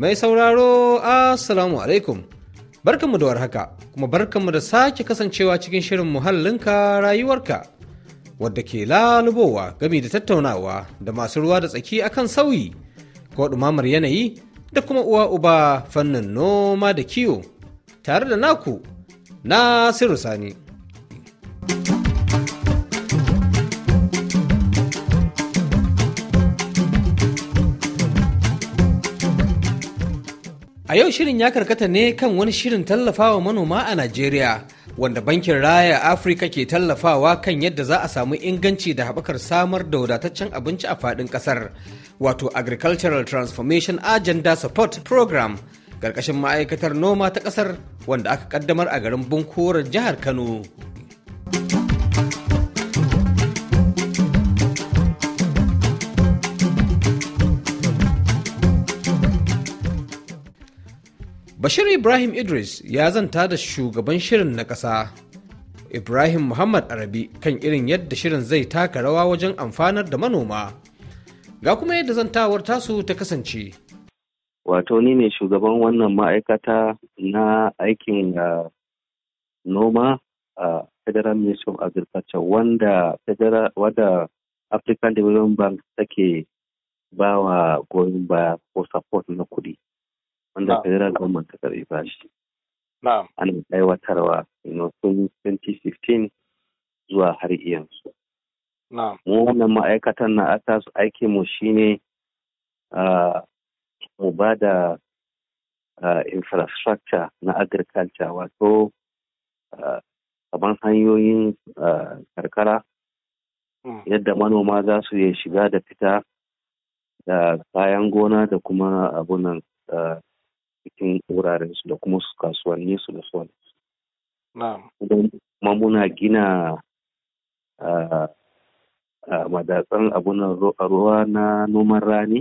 Mai sauraro Assalamu alaikum. Barkanmu da warhaka kuma barkanmu da sake kasancewa cikin shirin muhallinka rayuwarka wadda ke lalubowa gami da tattaunawa da masu ruwa da tsaki akan sauyi ko ɗumamar yanayi da kuma uwa uba fannin noma da kiwo tare da naku Nasiru Sani. A yau shirin ya karkata ne kan wani shirin tallafawa manoma a Najeriya wanda bankin Raya Afirka ke tallafawa kan yadda za a samu inganci da haɓakar samar da wadataccen abinci a faɗin ƙasar wato Agricultural Transformation Agenda Support Program ƙarƙashin ma'aikatar noma ta ƙasar wanda aka ƙaddamar a garin Bunkoran jihar Kano. bashir ibrahim idris ya zanta da shugaban shirin na ƙasa ibrahim muhammad arabi kan irin yadda shirin zai taka rawa wajen amfanar da manoma ga kuma yadda zantawar tasu ta kasance wato ni ne shugaban wannan ma'aikata na aikin ah, noma a federal ministry of agriculture wanda federal african development bank take ba wa goyon baya ko support na kudi. wanda federal government ta karbi bashi ana aiwatarwa tun 2015 zuwa har yanzu mu wannan ma'aikatan na aka su aiki mu shine mu ba da infrastructure na agriculture wato kamar hanyoyin karkara hmm. yadda manoma za su yi shiga da fita da kayan gona da kuma abunan cikin wuraren su da kuma su kasuwanni su da sauran kuma muna gina madatsan abunan ruwa na noman rani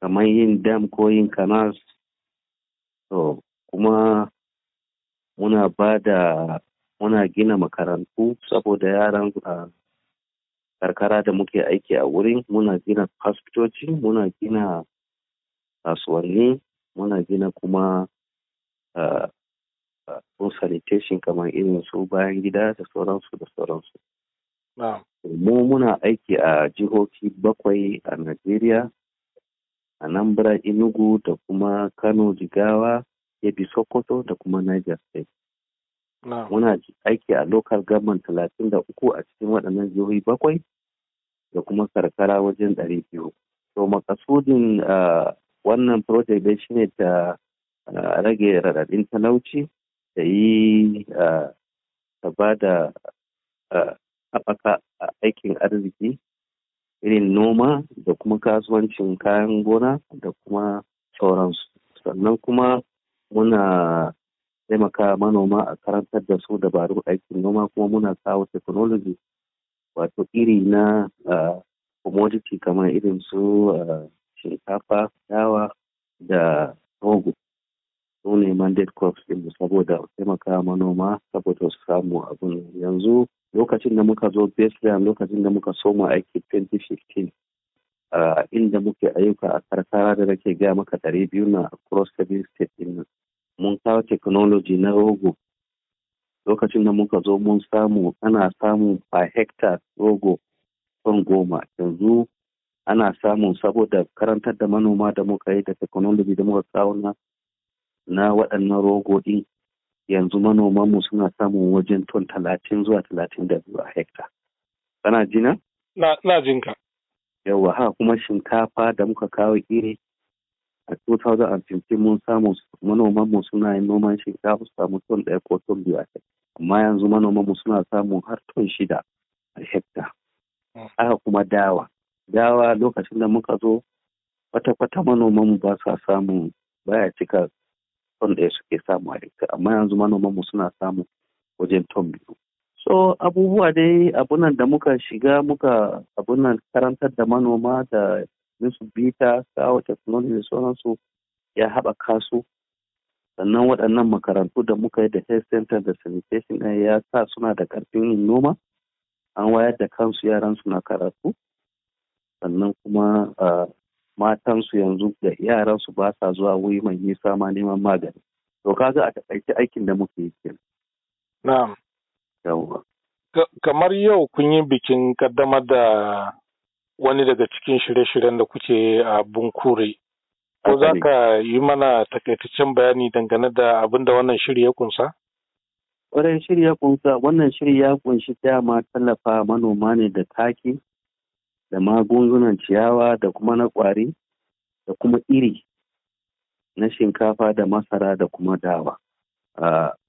kamar yin dam ko yin kanas, to kuma muna ba da muna gina makarantu saboda yaran karkara da muke aiki a wurin muna gina asibitoci muna gina kasuwanni muna gina kuma sun ah, ah, sanitation kamar irin su bayan gida da sauransu da sauransu. Mu muna aiki a jihohi bakwai a Najeriya, a Nambra Enugu da kuma Kano Jigawa, Yabi Sokoto da kuma Niger State. Muna aiki a lokal government talatin da uku a cikin waɗannan jihohi bakwai da kuma karkara wajen ɗari biyu. To makasudin ah, wannan project dai shine ta rage radadin talauci da yi ta ba da haɓaka aikin arziki irin noma da kuma kasuwancin kayan gona da kuma sauransu sannan kuma muna taimaka manoma a karantar da su dabarun aikin noma kuma muna kawo technology wato iri na commodity kamar irin su shinkafa, dawa da rogo. Su ne mandate crops ɗin saboda taimaka manoma saboda su samu abin yanzu lokacin da muka zo baseline lokacin da muka soma aiki 2015 inda muke ayyuka a karkara da nake gaya maka ɗari biyu na cross seven state ɗin nan mun kawo technology na rogo lokacin da muka zo mun samu ana samu a hectare rogo ton goma yanzu ana samun saboda karantar da manoma da muka yi da technology da muka kawo na na waɗannan rogo ɗin yanzu manomanmu suna samun wajen ton talatin zuwa talatin da biyu a hekta. Kana jina? Na jinka. Yawwa ha kuma shinkafa da muka kawo iri a 2015 mun samu manomanmu suna yin noman shinkafa su samu ton ɗaya ko ton biyu a hekta. Amma yanzu manomanmu suna samun har ton shida a hekta. Hmm. Haka kuma dawa. dawa lokacin da muka zo kwata-kwata manoman mu ba sa samun baya cika ton da suke samu a amma yanzu manoman mu suna samu wajen ton biyu so abubuwa dai abunan da muka shiga muka abunan karantar da manoma da su bita kawo technology da sauransu ya haɓa kasu. sannan waɗannan makarantu da muka yi da health center da sanitation ya sa suna da ƙarfin yin noma an wayar da kansu yaran na karatu sannan kuma ah, matansu yanzu da yaransu ba sa zuwa wuri mai nisa ma neman magani to kaga a takaice aikin da muke yi na'am yawwa kamar yau kun yi bikin kaddamar da wani daga cikin shirye-shiryen da kuke a bunkure ko za ka yi mana takaitaccen bayani dangane da abin da wannan shiri ya kunsa Wannan shiri ya kunsa wannan shiri ya kunshi dama tallafa manoma ne da taki da magungunan ciyawa da kuma na ƙwari da kuma iri na shinkafa da masara da kuma dawa.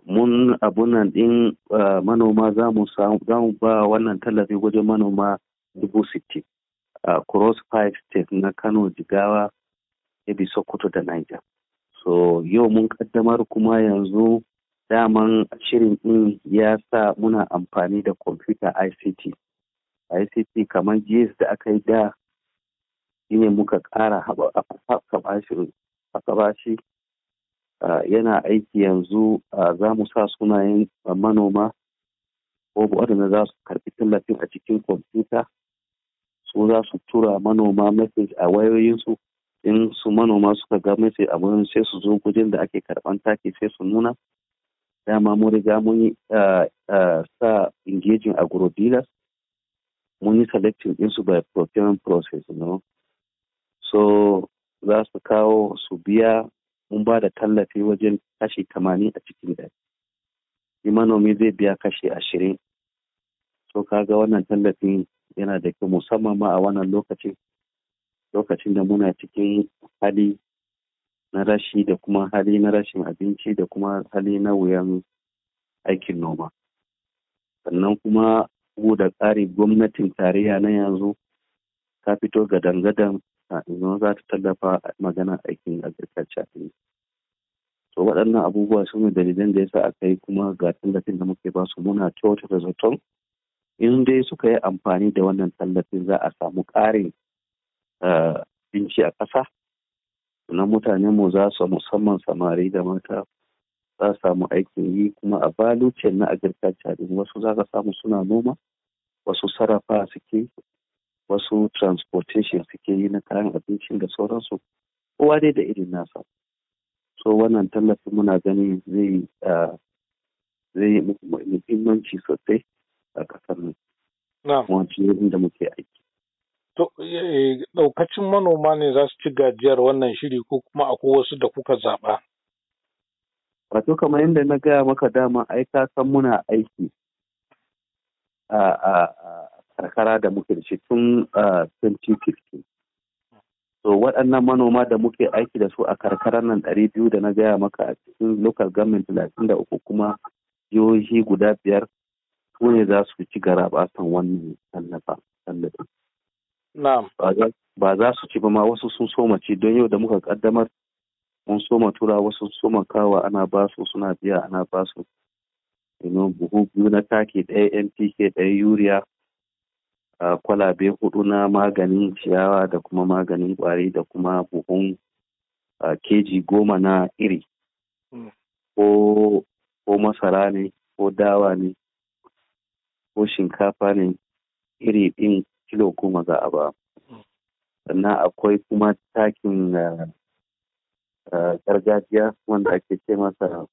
mun abunan ɗin manoma za mu ba wannan tallafi wajen manoma dubu sittin a cross five state na kano jigawa ebi sokoto da niger so yau mun kaddamar kuma yanzu daman shirin ɗin ya sa muna amfani da kwamfuta ict ICT kamar GS da aka yi da shine muka ƙara haɓa shi yana aiki yanzu za mu sa sunayen manoma ko waɗanda za su karɓi tallafin a cikin kwamfuta su za su tura manoma message a wayoyinsu in su manoma suka ga message a wurin sai su zo gujin da ake karɓan taki sai su nuna dama mun riga mun sa engaging agro mun yi selecting ɗinsu by procurement process you know? so za su kawo su biya mun ba da tallafi wajen kashi tamanin a cikin ɗari manomi zai biya kashi ashirin so kaga wannan tallafi yana da kyau musamman ma a wannan lokaci lokacin da muna cikin hali na rashi da kuma hali na rashin abinci da kuma hali na wuyan aikin noma sannan kuma da tsari gwamnatin tarayya na yanzu ta fito ga gadan a yanzu za ta tallafa magana aikin agriculture din to waɗannan abubuwa su ne dalilan da yasa aka yi kuma ga tallafin da muke basu muna kyautar da zaton in dai suka yi amfani da wannan tallafin za a samu ƙarin eh, binci a ƙasa sannan mutane mu za su musamman samari da mata za a samu aikin yi kuma a balucin na agriculture din wasu za ka samu suna noma wasu sarrafa suke wasu transportation suke yi na kayan abincin da sauransu kowa dai da irin nasa so wannan tallafin muna gani zai zai muhimmanci sosai a kasar nan inda muke aiki To, eh, eh, ɗaukacin manoma ne za su ci gajiyar wannan shiri ko kuma akwai wasu da kuka zaɓa? wato kamar yadda na gaya maka dama ai ka san muna aiki a karkara da muke da shi tun 2015 so waɗannan manoma da muke aiki da su a karkarar nan ɗari biyu da na gaya maka a cikin local government talatin da uku kuma jihohi guda biyar su ne za su ci san wannan tallafa tallafa ba za su ci ba ma wasu sun so mace don yau da muka kaddamar mun soma tura wasu soma kawa ana basu suna biya ana basu buhu biyu na taki ɗaya npk ɗaya yuriya A kwalabe hudu na maganin ciyawa da kuma maganin kwari da kuma buhun keji goma na iri hmm. ko masara ne ko dawa ne ko shinkafa ne iri ɗin kilo goma za a ba hmm. sannan akwai kuma takin Eh, gargajiya wanda ake ce masa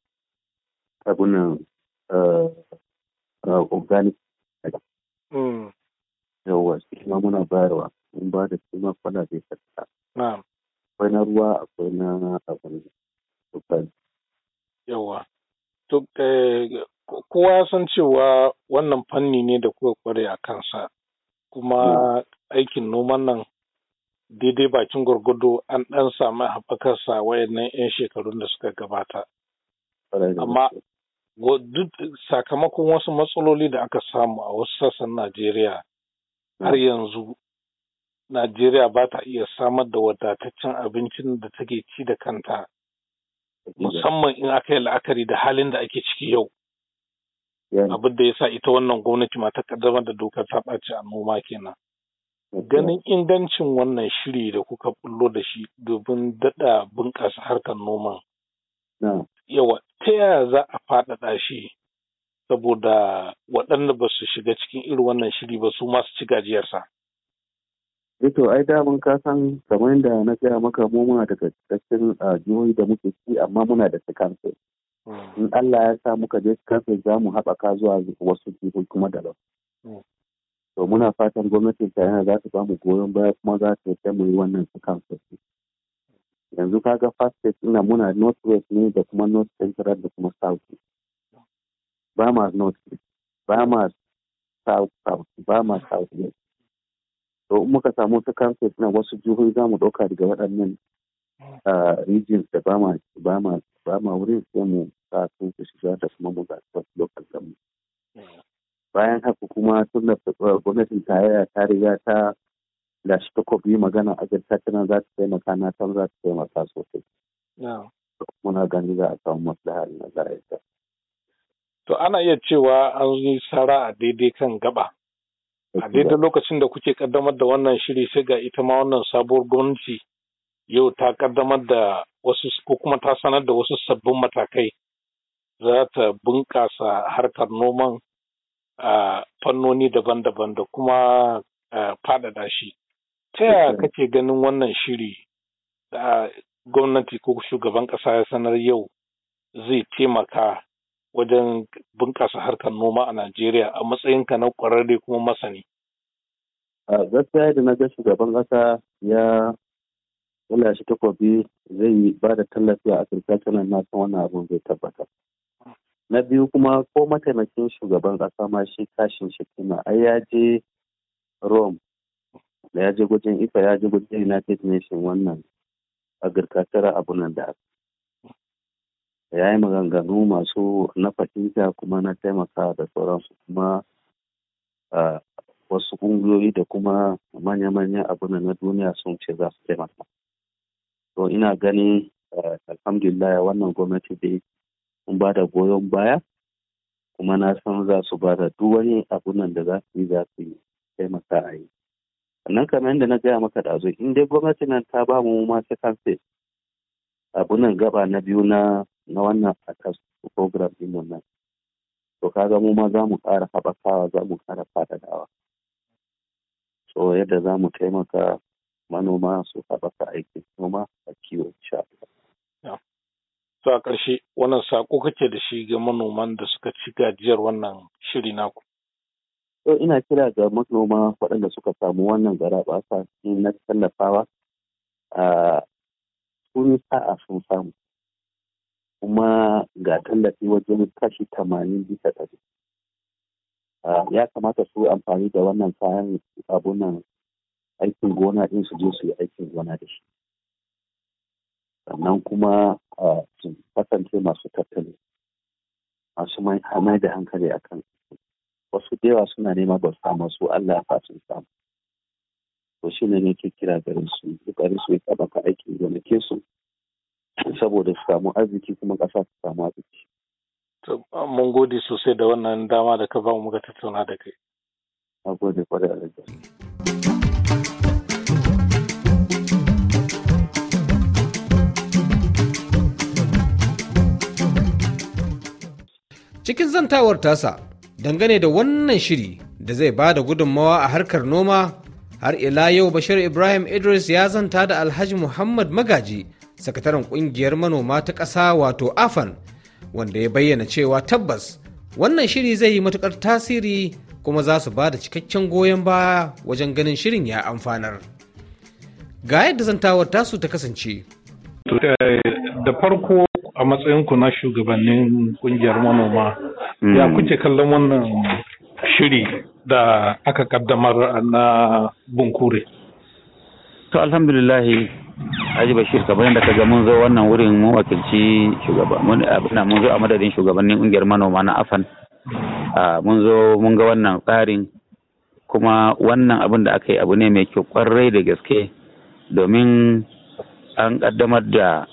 abunan eh, eh, organic mm. yawwa shi ma muna bayarwa mun ba da shi ma kwana zai karta akwai na ruwa akwai na abun Yawa yawwa to kowa san cewa wannan fanni ne da kuka kware a kansa kuma mm. aikin noman nan daidai bakin gwargwado an ɗan samu haɓakarsa wayannan 'yan shekarun da suka gabata. Amma duk sakamakon wasu matsaloli da aka samu a wasu sassan Najeriya har hmm. yanzu Najeriya ba ta iya samar da wadataccen abincin da take ci da kanta musamman in aka yi la'akari da halin da ake ciki yau. Abin da ya sa ita wannan gwamnati ma ta kaddamar da dokar ta ɓace a noma kenan. ganin ingancin wannan shiri da kuka bullo da shi domin daɗa bunƙasa harkar noman. Yawa, ta yaya za a faɗaɗa shi saboda waɗanda ba su shiga cikin irin wannan shiri ba su masu ci gajiyarsa? Ito, eh ai damun ka san kamar yadda na gaya maka mu muna da cikakken jihohi da muke ci amma muna da kansu. Hmm. In Allah ya sa muka je kansu za mu haɓaka zuwa wasu jihohi kuma daban. Hmm. to muna fatan gwamnatin tarayya za ta ba mu goyon baya kuma za ta yadda mu yi wannan sakan sosai yanzu kaga ga state ina muna north west ne da kuma north central da kuma south ba ma north ba ma south south ba ma south west to in muka samu sakan state na wasu jihohi za mu ɗauka daga waɗannan regions da ba ma ba ma ba ma wurin sai mu sa su shiga da kuma mu ga lokacin mu. bayan haka kuma tun gwamnatin tarayya ta riga ta da shi ta kwabi magana a jirta tana za ta taimaka na tan za ta taimaka sosai muna gani za a samu maslahar na zara'ita to ana iya cewa an yi sara a daidai kan gaba a daidai lokacin da kuke kaddamar da wannan shiri sai ga ita ma wannan sabuwar gwamnati yau ta kaddamar da wasu ko kuma ta sanar da wasu sabbin matakai za ta bunƙasa harkar noman a fannoni daban-daban da kuma faɗaɗa shi. Ta yaya kake ganin wannan shiri da gwamnati ko shugaban ƙasa ya sanar yau zai taimaka wajen bunƙasa harkar noma a Najeriya a matsayinka na ƙwararre kuma masani? A gaskiya da na ga shugaban ƙasa ya wala shi takobi zai ba da tallafi a Afirka na san wannan abun zai tabbata. na biyu kuma ko mataimakin shugaban ƙasa ma shi kashin shakima ai ya je rome da ya je gujin ifa ya je gujin united nation wannan agricultural abu nan da ya yi maganganu masu na fahimta kuma na taimaka da sauransu kuma wasu ƙungiyoyi da kuma manya-manyan nan na duniya sun ce za su taimaka. To ina gani alhamdulillah wannan gwamnati dai sun ba da goyon baya kuma na san za su ba da duk wani abun nan da za su yi za su taimaka a yi sannan kamar yadda na gaya maka da in dai gwamnati nan ta ba mu ma ta abun nan gaba na biyu na na wannan atas program din nan to kaga mu ma za mu ƙara haɓakawa za mu ƙara faɗaɗawa so yadda za mu taimaka manoma su haɓaka aikin noma a kiwon shanu To a ƙarshe wannan sako kake da shi ga manoman da suka ci gajiyar wannan shiri naku. To ina kira ga manoma waɗanda suka samu wannan garaɓasa na tallafawa a sun sa'a sun samu kuma ga tallafi wajen kashi tamanin bisa ɗari. Ya kamata su amfani da wannan kayan abunan aikin gona in su je su yi aikin gona da shi. sannan kuma su kasance masu tattali masu mai da hankali a akan wasu dewa suna nema ba samu su Allah ya fasin samu to shi ne ne ke kira garin su kokarin su ya aiki aikin gonake su saboda su samu arziki kuma ƙasa su samu arziki mun gode sosai da wannan dama da ka ba mu muka tattauna da kai na gode kwarai da gaske cikin zantawar tasa dangane da wannan shiri da zai ba da gudunmawa a harkar noma har ila yau bashir ibrahim idris ya zanta da alhaji muhammad magaji sakataren kungiyar manoma ta ƙasa wato afan wanda ya bayyana cewa tabbas wannan shiri zai yi matukar tasiri kuma za su ba da cikakken goyon baya wajen ganin shirin ya amfanar ga yadda zantawar tasu ta kasance eh, da farko a matsayinku na shugabannin kungiyar manoma mm. ya kuke kallon wannan shiri da aka kaddamar na bunkure to alhamdulillah Haji Bashir kamar yadda ka ga mun zo wannan wurin mu wakilci shugaban mun mun zo a madadin shugabannin kungiyar manoma na Afan mun zo mun ga wannan tsarin kuma wannan abin da aka yi abu ne mai kyau kwarai da gaske domin an kaddamar da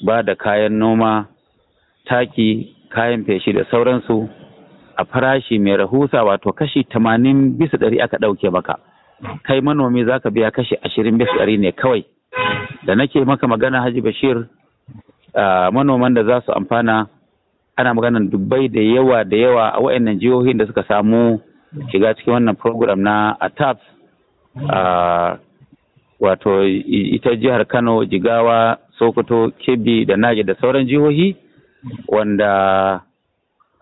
ba da kayan noma taki kayan feshi da sauransu a farashi mai rahusa wato kashi tamanin bisa ɗari aka ɗauke maka kai manomi za ka biya kashi ashirin bisa ɗari ne kawai da nake maka magana haji bashir manoman da za su amfana ana maganan dubbai da yawa da yawa a wa'annan jihohin da suka samu shiga cikin wannan program na a wato ita jihar Kano, Jigawa, Sokoto, Kebbi da Naje da sauran jihohi wanda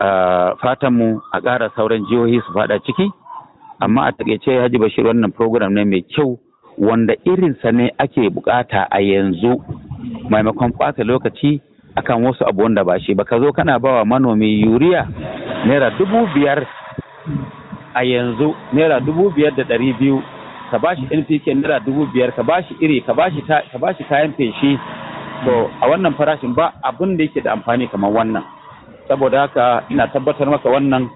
uh, fatanmu a ƙara sauran jihohi su faɗa ciki. Amma a taƙaice Haji Bashir wannan program ne mai kyau wanda irin sa ne ake buƙata a yanzu maimakon ɓata lokaci akan wasu abu wanda ba shi ba ka zo kana bawa manomi yuriya naira dubu biyar a yanzu naira dubu biyar da ɗari biyu ka bashi NPK naira dubu biyar ka bashi iri ka bashi kayan feshi to a wannan farashin ba abin da yake da amfani kamar wannan saboda haka ina tabbatar maka wannan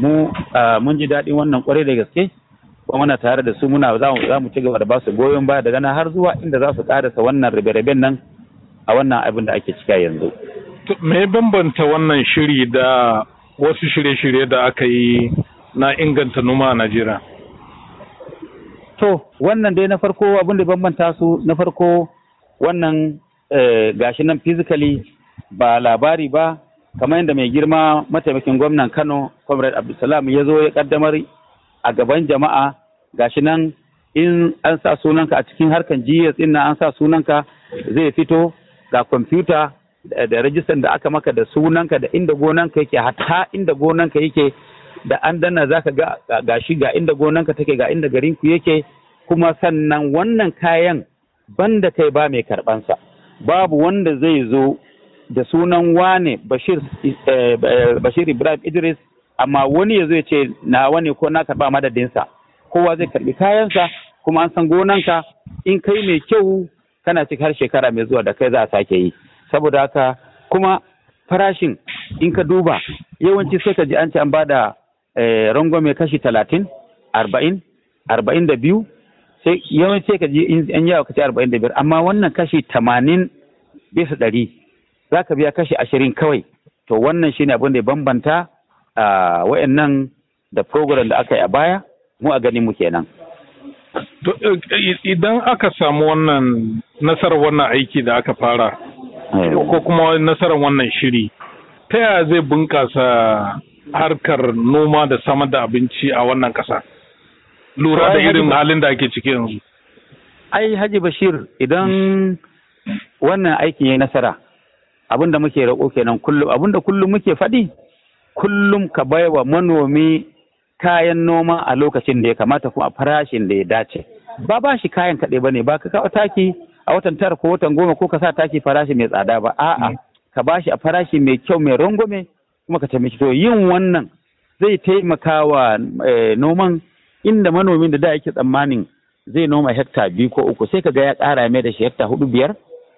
mu mun ji daɗin wannan kwarai da gaske kuma muna tare da su muna za mu ci gaba da ba su goyon baya daga nan har zuwa inda za su karasa wannan rabe-raben nan a wannan abin da ake cika yanzu. Me bambanta wannan shiri da wasu shirye-shirye da aka yi na inganta noma a Najeriya? to wannan dai na farko abin da bambanta su na farko wannan eh, gashi nan physically ba labari ba kamar yadda mai girma mataimakin gwamnan kano comrade abdulsalam ya zo ya kaddamar a gaban jama'a gashi nan in an sa sunanka a cikin harkan gs in an sa sunanka zai fito ga kwamfuta da rajistan da aka maka da sunanka da inda gonanka yake hata inda gonanka yake da an danna za ka ga gashi ga inda gonanka take ga inda garinku yake kuma sannan wannan kayan banda kai ba mai karɓansa babu wanda zai zo da sunan wane bashir, eh, ibrahim idris amma wani ya zo ya ce na wani ko na karɓa madadinsa kowa zai karɓi kayansa kuma an san gonanka in kai mai kyau kana cikin har shekara mai zuwa da kai za a sake yi saboda haka kuma farashin in ka duba yawanci sai ka ji an ce an bada Eh, rangwame kashi talatin arba'in arba'in da biyu sai yawanci ka ji in yawa kashi arba'in da biyar amma wannan kashi tamanin bisa ɗari za ka biya kashi ashirin kawai to wannan shine abin da ya bambanta wa'annan da program da aka yi a baya mu a ganin mu nan. Eh, idan aka samu wannan nasarar wannan aiki da aka fara, eh. ko kuma nasarar wannan shiri, ta yaya zai bunƙasa harkar noma da samar da abinci a wannan ƙasa lura da irin halin da ake ciki yanzu ai haji bashir idan wannan aikin ya nasara abin da muke rako kenan kullum abin da kullum muke faɗi kullum ka baiwa manomi kayan noma a lokacin da ya kamata kuma a farashin da ya dace ba ba shi kayan kaɗai ba ne ba ka kawo taki a watan tara ko watan goma ko ka sa taki farashi mai tsada ba a'a mm. ka bashi a farashi mai kyau mai rungume kuma ka taimaki to yin wannan zai taimaka wa eh, noman inda manomin da da yake tsammanin zai noma hekta biyu ko uku sai ka ga ya ƙara mai da shi hekta hudu biyar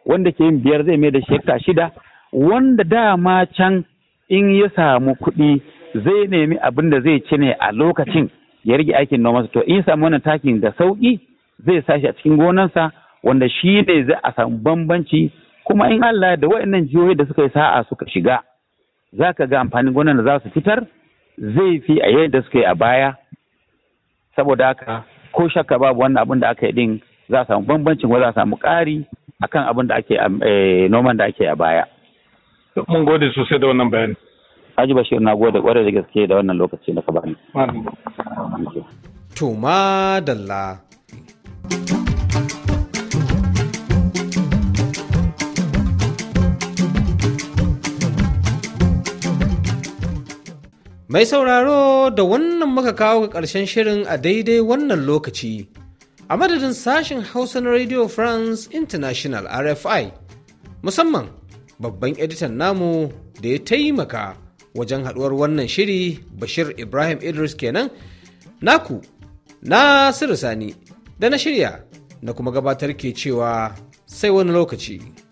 wanda ke yin biyar zai mai da shi hekta shida wanda dama can in ya samu kuɗi zai nemi abin da zai ci ne a lokacin ya rage aikin noma to in samu wannan takin da sauƙi zai sashi a cikin gonansa wanda shi ne zai a samu bambanci kuma in Allah da waɗannan jihohi da suka yi sa'a suka shiga za ka ga amfanin gonan da za su fitar zai fi a yadda suka yi a baya saboda haka ko shakka babu wannan abin da aka yi din za a samu bambancin ko za a samu ƙari akan abin da ake eh, noman da ake a baya. Mun gode sosai da wannan bayani. Haji Bashir na gode kwarai da gaske da wannan lokaci da ka bani. Tuma dalla. Mai sauraro da wannan muka kawo ga ƙarshen shirin a daidai wannan lokaci. A madadin sashen Hausa na Radio France International RFI, musamman babban editan namu da ya taimaka wajen haɗuwar wannan shiri Bashir Ibrahim Idris kenan, naku, na Sani, da na shirya, na kuma gabatar ke cewa sai wani lokaci.